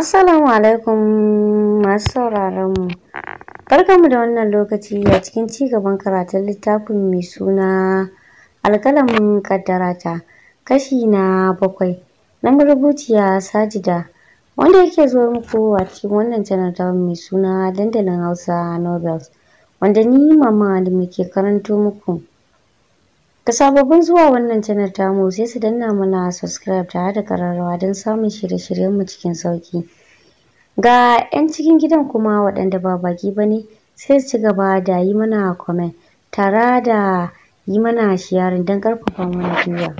Assalamu alaikum masu mu. sauraronmu. Barkanmu da wannan lokaci a cikin ci gaban karatun littafin mai suna alkalamin kaddarata kashi na bakwai na marubuciya Sajida wanda yake zo muku a cikin wannan janarta mai suna dandalin Hausa Novels wanda ni mama da muke karanto muku. Ga sababbin zuwa wannan channel tamu sai su danna mana subscribe tare da kararrawa don samun shirye-shiryenmu cikin sauki Ga 'yan cikin gidan kuma waɗanda ba baki ba ne sai su ci gaba da yi mana comment tare da yi mana sharing don ƙarfafa mana gwiwa.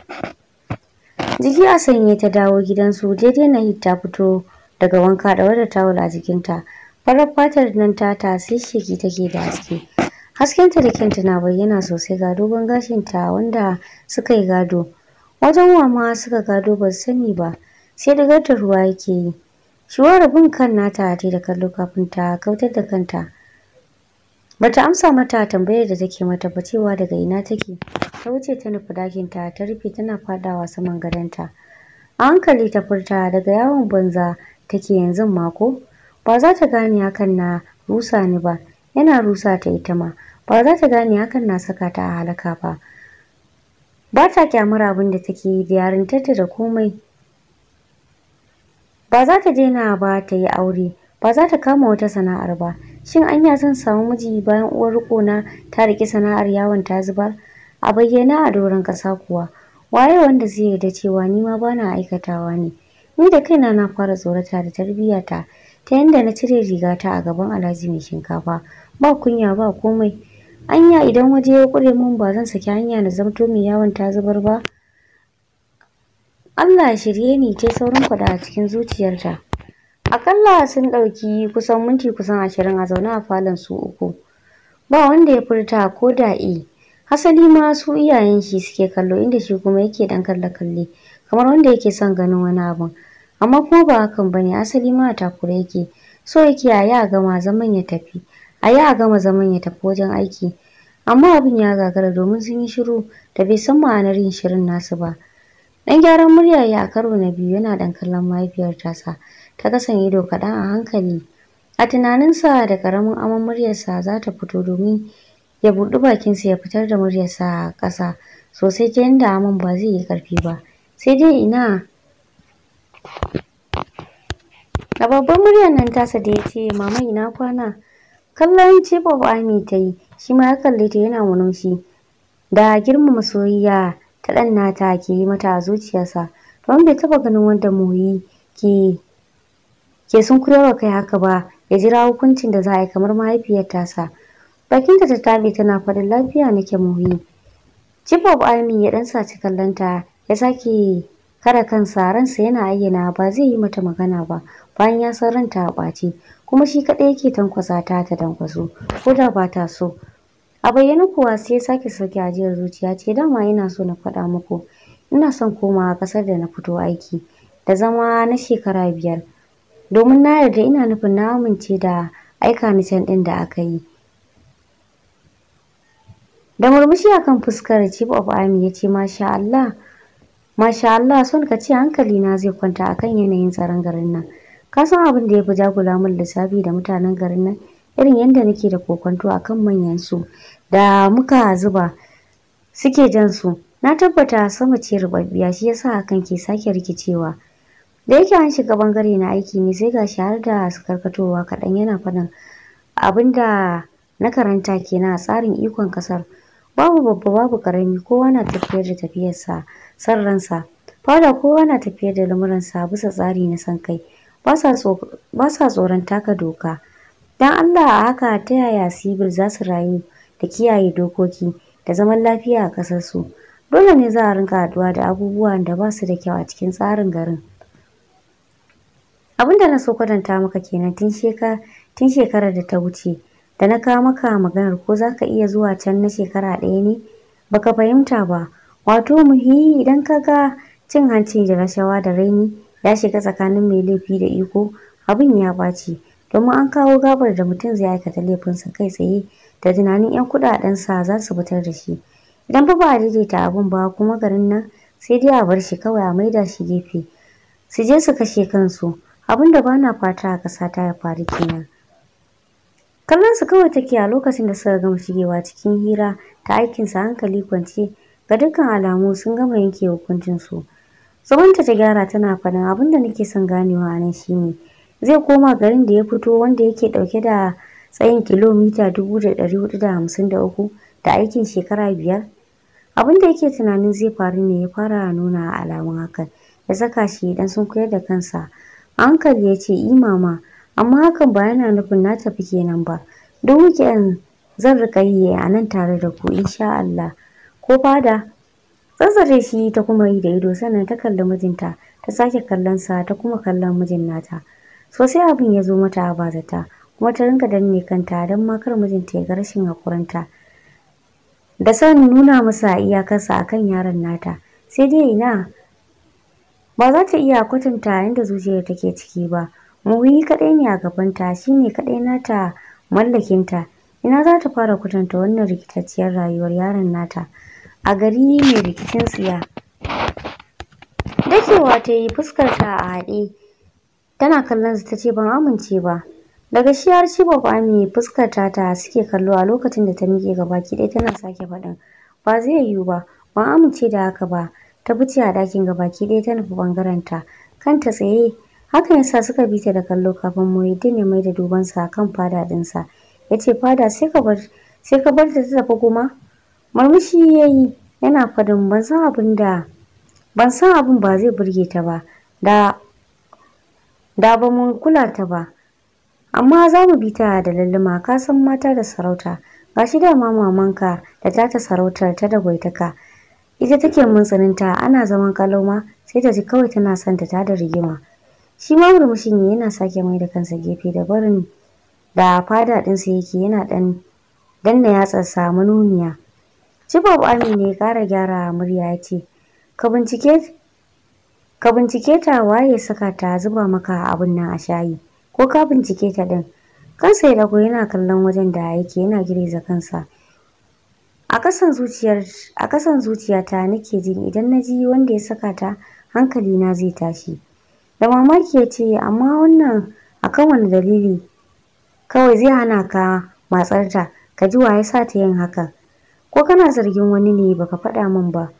Jiki a sanye ta dawo gidansu daidai na hita fito daga wanka da da tawul a jikinta. Farar fatar nan ta sai sheki take da haske. haskenta da kyanta na bayyana sosai ga dogon gashinta wanda suka yi gado wajen wama suka gado ba sani ba sai da ta ruwa yake yi shiwar bin kan nata ta da kallo kafin ta kautar da kanta bata amsa mata tambayar da take mata ba cewa daga ina take ta wuce ta nufi dakin ta ta rufe tana fadawa saman gadonta a hankali ta furta daga yawon banza take yanzu mako ba za ta gane hakan na rusa ni ba yana rusa ta ita ma ba za ta gane hakan na saka ta a halaka ba ba ta kyamar abin da take yi da yarintarta da komai ba za ta daina ba ta yi aure ba za ta kama wata sana'ar ba shin an anya zan samu miji bayan uwar rikona ta riki sana'ar yawon ta zubar a bayyana a doron ƙasa kuwa waye wanda zai yarda cewa ni ma bana aikatawa ne ni da kaina na fara tsorata da tarbiyyata ta yanda na cire rigata a gaban alhaji mai shinkafa ba kunya ba komai anya idan waje ya kure mun ba zan saki hanya na zamto mai yawon ta zubar ba Allah shirye ni ce saurin kwada a cikin zuciyarta akalla sun ɗauki kusan minti kusan ashirin a zaune a falon su uku ba wanda ya furta ko da e hasali ma su iyayen shi suke kallo inda shi kuma yake dan kalle kalle kamar wanda yake son ganin wani abu. amma ko ba hakan bane asali ma a takura yake so yake ga gama zaman ya tafi a yi a gama zaman ya tafi wajen aiki amma abin ya gagara domin sun yi shiru da bai san ma'anar yin shirin nasu ba dan gyaran murya ya a karo na biyu yana dan kallon mahaifiyar tasa ta kasan ido kaɗan a hankali a tunaninsa da karamin aman muryarsa za ta fito domin ya buɗi bakinsa ya fitar da muryarsa a ƙasa sosai ta yadda aman ba zai yi ƙarfi ba sai dai ina a babban muryar nan tasa da ya ce mama ina kwana kallon babu ami ta yi shi ma ya kalli ta yana murmushi da girmama soyayya ta ɗan nata ke yi mata a zuciyarsa don bai taɓa ganin wanda moyi ke ke sun kurewa kai haka ba ya jira hukuncin da za a yi kamar mahaifiyar tasa bakinta ta tabe tana faɗin lafiya na ke moyi Chief of Army ya dan saci ta ya sake kare kansa ransa yana ayyana ba zai yi mata magana ba bayan ya san ranta a ɓace. kuma shi kaɗai yake tankwasa ta ta tankwaso ko da ba ta so a bayyana kuwa sai ya sake sauke ajiyar zuciya ce dama yana so na faɗa muku ina son komawa ƙasar da na fito aiki da zama na shekara biyar domin na yarda ina nufin na amince da aika ni can ɗin da aka yi da murmushi akan fuskar chief of army ya ce masha Allah masha Allah son ka ce hankali na zai kwanta akan yanayin tsaron garin nan ka san abin da ya fi jagula min lissafi da mutanen garin nan irin yadda nake da kokonto a kan manyan su da muka zuba suke jan su na tabbata sama ce rubabbiya shi yasa hakan ke sake rikicewa da yake an shiga bangare na aiki ne sai shi har da su karkatowa kaɗan yana faɗin abin da na karanta kenan a tsarin ikon kasar babu babba babu karami kowa na tafiyar da tafiyarsa san ransa fada kowa na tafiyar da lamuransa bisa tsari na san kai ba sa tsoron taka doka don allah a haka ta yaya sibil za su rayu da kiyaye dokoki da zaman lafiya a su, dole ne za a rinka haduwa da abubuwan da ba su da kyau a cikin tsarin garin abin da na so kwatanta maka kenan tun shekarar da ta wuce da na kawo maka maganar ko za ka iya zuwa can na shekara ɗaya ne baka fahimta ba wato muhi idan ka ga cin hanci da rashawa da raini ya shiga tsakanin mai laifi da iko abin ya ɓaci domin an kawo gabar da mutum zai aikata laifinsa kai tsaye da tunanin 'yan sa za su fitar da shi idan ba ba a daidaita abin ba kuma garin nan sai dai a bar shi kawai a maida shi gefe su je su kashe kansu abin da bana fata a ƙasa ta ya faru kenan kallon su kawai take a lokacin da suka gama shigewa cikin hira ta aikinsa hankali kwance ga dukkan alamu sun gama yanke hukuncinsu Tsawonta ta gyara tana faɗin abin da nake son ganewa a nan shine zai koma garin da ya fito wanda yake dauke da tsayin kilomita dubu da dari hudu da hamsin da uku da aikin shekara biyar. Abin da yake tunanin zai faru ne ya fara nuna alamun hakan ya saka shi idan sun koyar da kansa. A hankali ya ce i,mama amma hakan ba yana nufin na tafi kenan ba. Duk weekend zan riƙa yi a nan tare da ku insha Allah. Ko fada zai shi ta kuma yi da ido sannan ta kalli mijinta ta sake kallon sa ta kuma kallon mijin nata. Sosai abin ya zo mata a bazata kuma ta rinka danne kanta don ma kar mijinta ya ga rashin hakuranta. Da son nuna masa iyakarsa kan yaron nata sai dai ina ba za ta iya kwatanta inda zuciyar take ciki ba. Muwi kaɗai ne a gabanta shine kaɗai nata mallakinta. Ina za ta fara kwatanta wannan rikitacciyar rayuwar yaron nata. a gari mai rikicin tsiya. Dakewa ta yi fuskarta a haɗe, tana kallon su ta ce ban amince ba. Daga shi har shi babba mai fuskarta ta suke kallo a lokacin da ta miƙe gaba ki ɗaya tana sake faɗin. Ba zai yiwu ba, ban amince da haka ba. Ta fice a ɗakin gaba ki ɗaya ta nufi ɓangaren ta. Kanta tsaye, hakan yasa suka bi ta da kallo kafin Muhyiddin ya mai da dubansa kan fada ɗinsa. Ya ce fada sai ka bar sai ka bar ta ta tafi kuma. murmushi ya yi yana fadin ban san abin da ban san abin ba zai burge ta ba da da ba mun kula ta ba amma za mu bi ta da lalluma ka san mata da sarauta gashi ma mamanka da ta ta sarautar ta da gwaitaka ita take mun tsaninta ana zaman kaloma sai ta ji kawai tana son ta da rigima shi ma murmushin yana sake mai da kansa gefe da barin da fada ɗinsa yake yana ɗan danna yatsar sa manuniya Sifab Amin ne kara gyara murya ya ce, Ka bincike ta waye saka ta zuba maka abin nan a shayi, ko ka bincike ta ɗin. Kansa ya lagu yana kallon wajen da yake yana girgiza kansa. A kasan zuciyata nake jin idan na ji wanda ya saka ta hankali na zai tashi. Da mamaki ya ce, amma wannan a kan wani dalili kawai zai hana ka matsarta, ka ji wa ya sa ta yin hakan. ko kana zargin wani ne baka faɗa min ba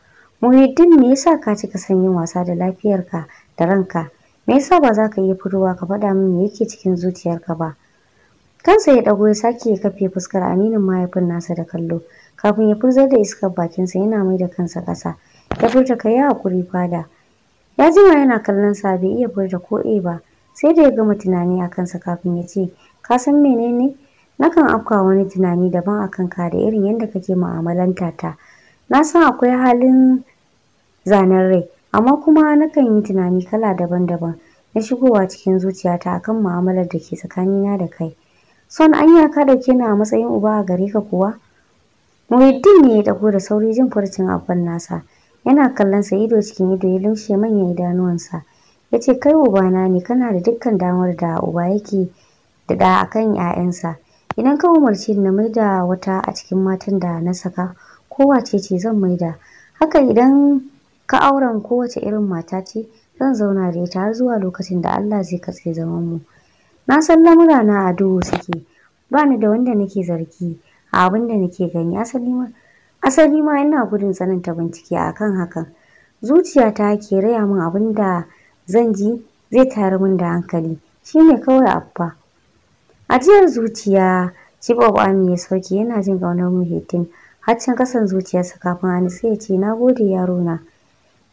muhiddin me yasa ka cika son yin wasa da lafiyarka da ranka me yasa ba za ka iya fitowa ka faɗa min me yake cikin zuciyarka ba kansa ya ɗago ya sake ya kafe fuskar aminin mahaifin nasa da kallo kafin ya furzar da iskar bakinsa yana mai da kansa ƙasa ya furta ka ya hakuri fada ya jima yana kallon sa bai iya furta ko e ba sai da ya gama tunani a kansa kafin ya ce ka san menene nakan afka wani tunani daban akan ka da irin yadda kake mu'amalanta ta na san akwai halin zanen rai amma kuma nakan yi tunani kala daban-daban na shigowa cikin zuciyata akan mu'amalar da ke tsakanina da kai son yi ka dauke ni a matsayin uba a gare ka kuwa Muhiddin ne ya dago da sauri jin furcin abban nasa yana kallon sa ido cikin ido ya lumshe manyan idanuwansa ya ce kai ubana ne kana da dukkan damar da uba yake da da akan 'ya'yansa Idan ka umarce ni na maida wata a cikin matan da na saka wace ce zan maida. Haka idan ka auren kowace irin mata ce zan zauna da ita har zuwa lokacin da Allah zai katse zaman mu. Na san lamura na a duhu suke. Ba ni da wanda nake zargi a abin da nake gani asali ma asali ma ina gudun tsananta bincike akan kan hakan. Zuciyata ke raya min abin da zan ji zai tayar min da hankali. Shi ne kawai Abba. ajiyar zuciya jibob ami ya sauke yana jin ƙaunar muhiddin har can kasan zuciyarsa kafin a nitsi ya ce na gode yaro na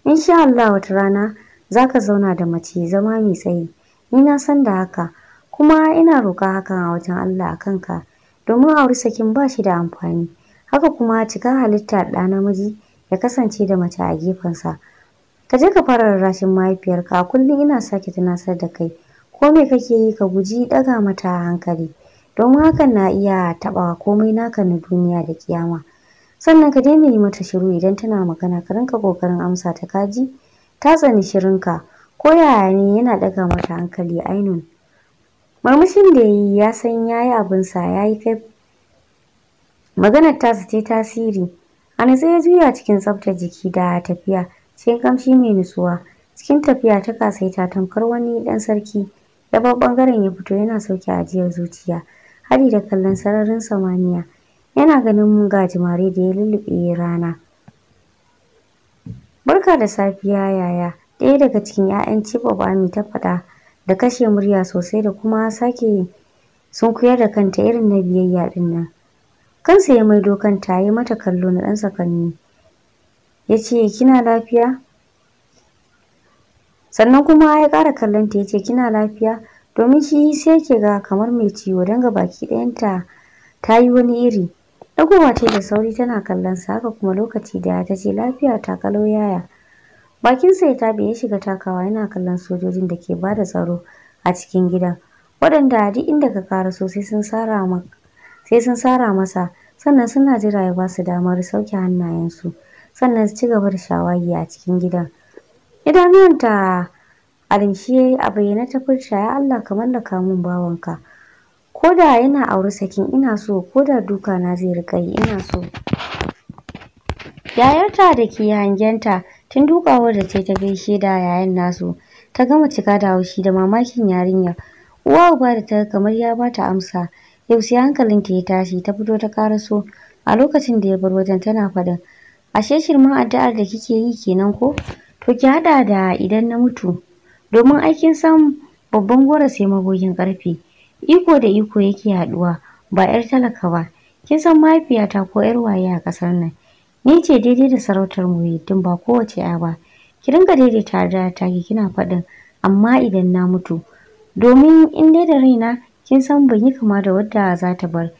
insha Allah wata rana za ka zauna da mace zama mai tsayi ni na san da haka kuma ina roƙa hakan a wajen Allah a kanka domin auri sakin ba shi da amfani haka kuma cika halitta ɗa namiji ya kasance da mace a gefensa ka je ka fara rashin mahaifiyarka kullum ina sake tunasar da kai ko me kake yi ka guji ɗaga mata hankali don hakan na iya taɓa komai naka na duniya da kiyama sannan ka daina yi mata shiru idan tana magana ka rinka ƙoƙarin amsa ta kaji ta tsani shirinka ko yaya ne yana ɗaga mata hankali ainun murmushin da yayi ya san yayi abin sa, yayi yi kai maganar ta ta tasiri a natsa ya juya cikin tsaftar jiki da tafiya cikin kamshi mai nutsuwa cikin tafiya ta kasaita tamkar wani ɗan sarki ya bangaren ɓangaren ya fito yana sauke ajiyar zuciya hari da kallon sararin samaniya yana ganin mun gajimare da ya lulluɓe rana barka da safiya yaya ɗaya daga cikin 'ya'yan ami ta faɗa da kashe murya sosai da kuma sake sun kuyar da kanta irin na biyayya ɗin nan kansa ya maido kanta ya mata kallo na ɗan sakanni ya ce kina lafiya sannan kuma ya kara kallon ta ce kina lafiya domin shi sai ke ga kamar mai ciwo don ga baki ɗayanta ta yi wani iri ɗagowa ta da sauri tana kallon sa haka kuma lokaci daya ta ce lafiya ta kalau yaya bakin sa ya tabe ya shiga takawa yana kallon sojojin da ke bada tsaro a cikin gidan waɗanda duk inda ka kara so sai sun sara maka sai sun sara masa sannan suna jira ya ba su damar sauke hannayensu sannan su ci gaba da shawagi a cikin gidan Idan ta alinshi a bayyana ta furta ya Allah ka mallaka min bawanka ko da yana auri sakin ina so ko da duka na zai rika yi ina so yayarta da ke hangenta tun dukawar da ta ta gaishe da yayan nasu ta gama cika da haushi da mamakin yarinya uwa uba da ta kamar ya bata amsa yau sai ta ya tashi ta fito ta karaso a lokacin da ya bar wajen tana faɗin ashe shirman addu'ar da kike yi kenan ko to ki haɗa da idan na mutu domin aikin san babban gora sai magogin karfe iko da iko yake haɗuwa ba 'yar talaka ba kin san mahaifiyata ko 'yar waye a ƙasar nan ni ce daidai da sarautar tun ba kowace 'ya ba ki dinga daidaita da ta ki kina faɗin amma idan na mutu domin in dai da raina kin san ban yi kama da wadda za ta bar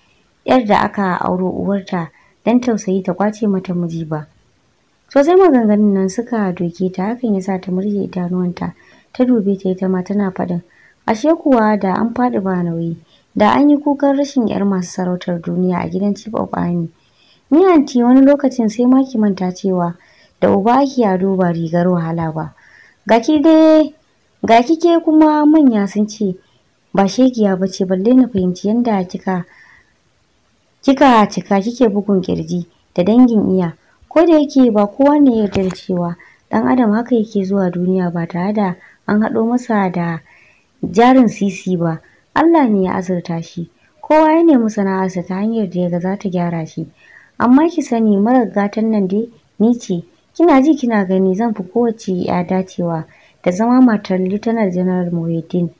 'yar da aka auro uwarta dan tausayi ta kwace mata miji ba sosai maganganun nan suka doke ta hakan ya sa ta murje idanuwanta ta dube ta ita ma tana faɗin ashe kuwa da an faɗi ba nauyi da an yi kukan rashin yar masu sarautar duniya a gidan chief of army ni anti wani lokacin sai ma ki manta cewa da uba ki ya ba rigar wahala ba ga ki ga kike kuma manya sun ce ba shegiya ba ce balle na fahimci yadda kika kika cika kike bugun kirji da dangin iya Ko da yake ba kowa ne ya yarda cewa ɗan adam haka yake zuwa duniya ba tare da an haɗo masa da jarin sisi ba, Allah ne ya azurta shi. Kowa ya nemi sana'arsa ta hanyar da ya ga za ta gyara shi. Amma ki sani marar gatan nan dai ni ce, kina ji kina gani zan fi kowace ya dacewa da zama matar Lieutenant General Muhyiddin.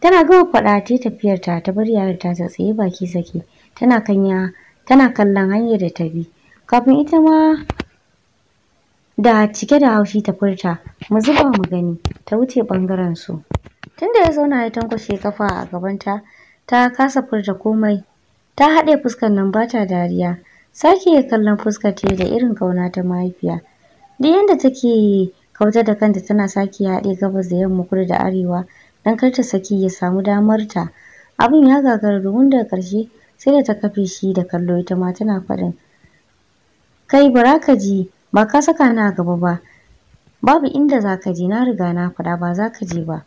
Tana gama faɗa ta tafiyarta ta bar yayar ta tsaye baki sake tana kanya tana kallon hanyar da ta bi. kafin ita ma da cike da haushi ta furta mu zuba mu gani ta wuce ɓangaren su tunda ya zauna ya tankwashe kafa a gabanta ta kasa furta komai ta haɗe fuskar nan ba ta dariya sake ya kallon fuskar ta da irin kauna ta mahaifiya duk yadda take kauta da kanta tana sake haɗe gabas da yamma kudu da arewa dan kar ta saki ya samu damar ta abin ya gagara domin daga ƙarshe sai da ta kafe shi da kallo ita ma tana faɗin kai bara ka je ba ka saka ni a gaba ba babu inda za ka je na riga na faɗa ba za ka je ba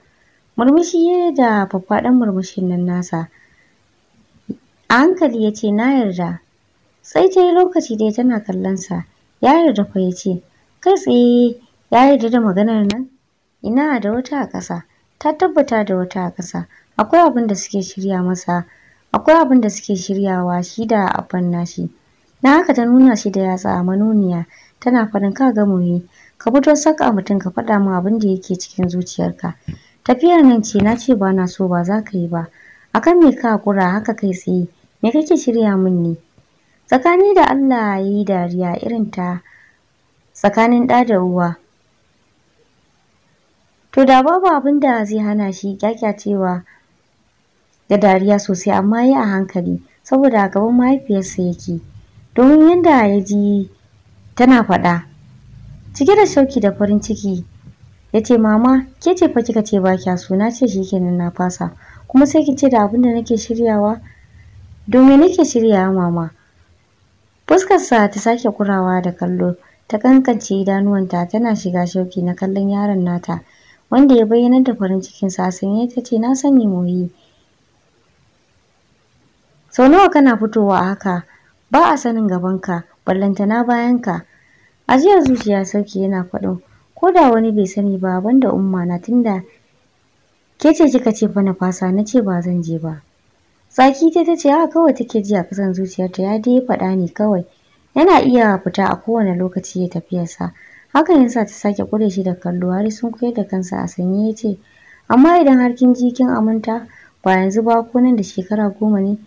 murmushi ya da faffaɗan murmushin nan nasa a hankali ya ce na yarda sai ta yi lokaci dai tana kallon sa. ya yarda fa ya ce kai tsaye ya yarda da maganar nan ina da wata a ƙasa ta tabbata da wata a ƙasa akwai abin da suke shirya masa akwai abin da suke shiryawa shi da abin nashi Na haka ta nuna shi da yatsa a manuniya tana farin ka ga ne. ka fito saka mutum ka faɗa min abin da yake cikin zuciyarka. Tafiyar nan ce na ce ba na so ba za ka yi ba. Akan me ka kura haka kai tsaye me kake shirya min ne? Tsakani da Allah ya yi dariya irin ta tsakanin ɗa da uwa. To da babu abin da zai hana shi kyakyacewa da dariya sosai amma yi a hankali saboda a gaban mahaifiyarsa yake. domin yadda ya ji tana faɗa cike da shauki da farin ciki ya ce mama ke ce fa kika ce ba Suna ce shikenan na fasa kuma sai ki ce da abinda da nake shiryawa domin nake shiryawa mama fuskarsa ta sake kurawa da kallo ta kankance idanuwanta tana shiga shauki na kallon yaron nata wanda ya bayyana da farin cikinsa sanye ta ce na sani moyi sau nawa kana fitowa haka ba a sanin gaban gabanka ballantana bayanka ajiyar zuciya sarki yana faɗin ko da wani bai sani ba banda umma na tunda ke ce kika ce fa na fasa na ce ba zan je ba tsaki ta ta ce haka kawai take ji a kasan zuciyarta ya dai faɗa ni kawai yana iya fita a kowane lokaci ya tafiyarsa hakan yasa ta sake kure shi da kallo har sun koyar da kansa a sanye ya ce amma idan har kin ji kin aminta ba yanzu ba ko nan da shekara goma ne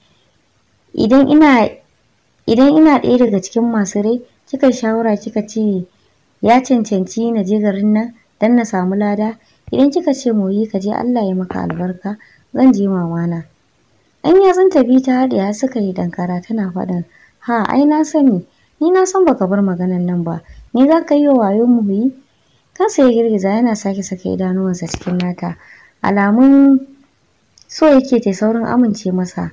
idan ina idan ina ɗaya daga cikin masu rai kika shawara kika ce ya cancanci na je garin nan don na samu lada idan kika ce moyi ka je Allah ya maka albarka zan je mamana an yatsun ta biyu ta ya suka yi dankara tana faɗin ha ai na sani ni na san baka bar maganan nan ba ni za ka yi wa wayo yi? kansa ya girgiza yana sake saka idanuwansa cikin nata alamun so yake ta saurin amince masa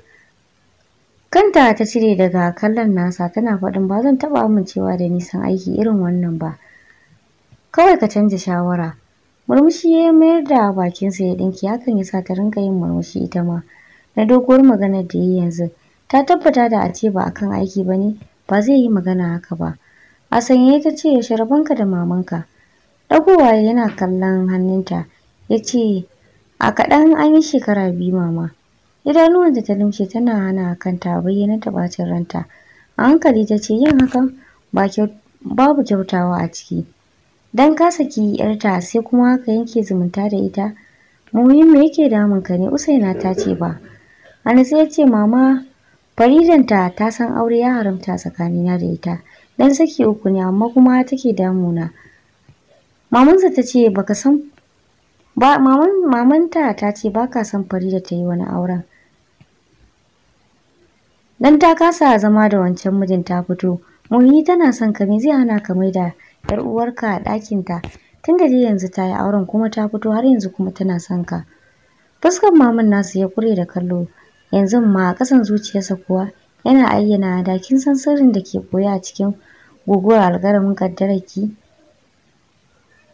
Kanta ta cire daga kallon nasa tana faɗin ba zan taɓa amincewa da nisan aiki irin wannan ba. Kawai ka canza shawara. Murmushi ya mayar da bakinsa ya ɗinki hakan ya sa ta rinka yin murmushi ita ma. Na doguwar maganar da ya yi yanzu. Ta tabbata da a ce ba akan aiki ba ne ba zai yi magana haka ba. A sanya ta ce yaushe rabonka da mamanka. Ɗagowa yana kallon hannunta ya ce a kaɗan an yi shekara biyu mama. da ta lumshe tana hana kanta bayyana ta bacin ranta a hankali ta ce yin hakan babu kyautawa a ciki dan kasa ki yarta sai kuma haka yanke zumunta da ita muhim me yake damun ka ne usaina ta ce ba sai ya ce mama faridanta ta san aure ya haramta tsakanina da ita dan saki uku ne amma kuma take damuna mamansa ta ce baka san ba maman mamanta ta ce baka san farida ta yi wani auren Dan ta kasa zama da wancan mijin ta fito. Muhi tana son ka me zai hana ka mai da ‘yar uwarka a ɗakinta. Tun da dai yanzu ta yi auren kuma ta fito har yanzu kuma tana son ka. Fuskar maman nasu ya kure da kallo. Yanzu ma a ƙasan zuciyarsa kuwa yana ayyana da kin san sirrin da ke koya a cikin guguwar algaramin kaddaraki?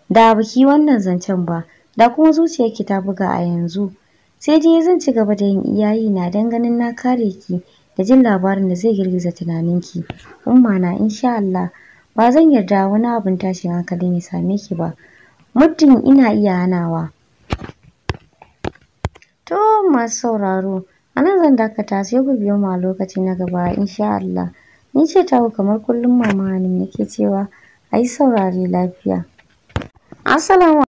Da baki wannan zancen ba, da kuma zuciyarki ta buga a yanzu. Sai dai zan ci gaba da yin iyayi na dan ganin na kare ki da jin labarin da zai girgiza tunaninki. Umma na insha Allah ba zan yarda wani abin tashin hankalin ya same ki ba. Muddin ina iya hanawa. To masu sauraro, a nan zan dakata sai ku biyo ma lokaci na gaba insha Allah. Ni ce taku kamar kullum mama Hanim nake cewa a yi saurare lafiya. Assalamu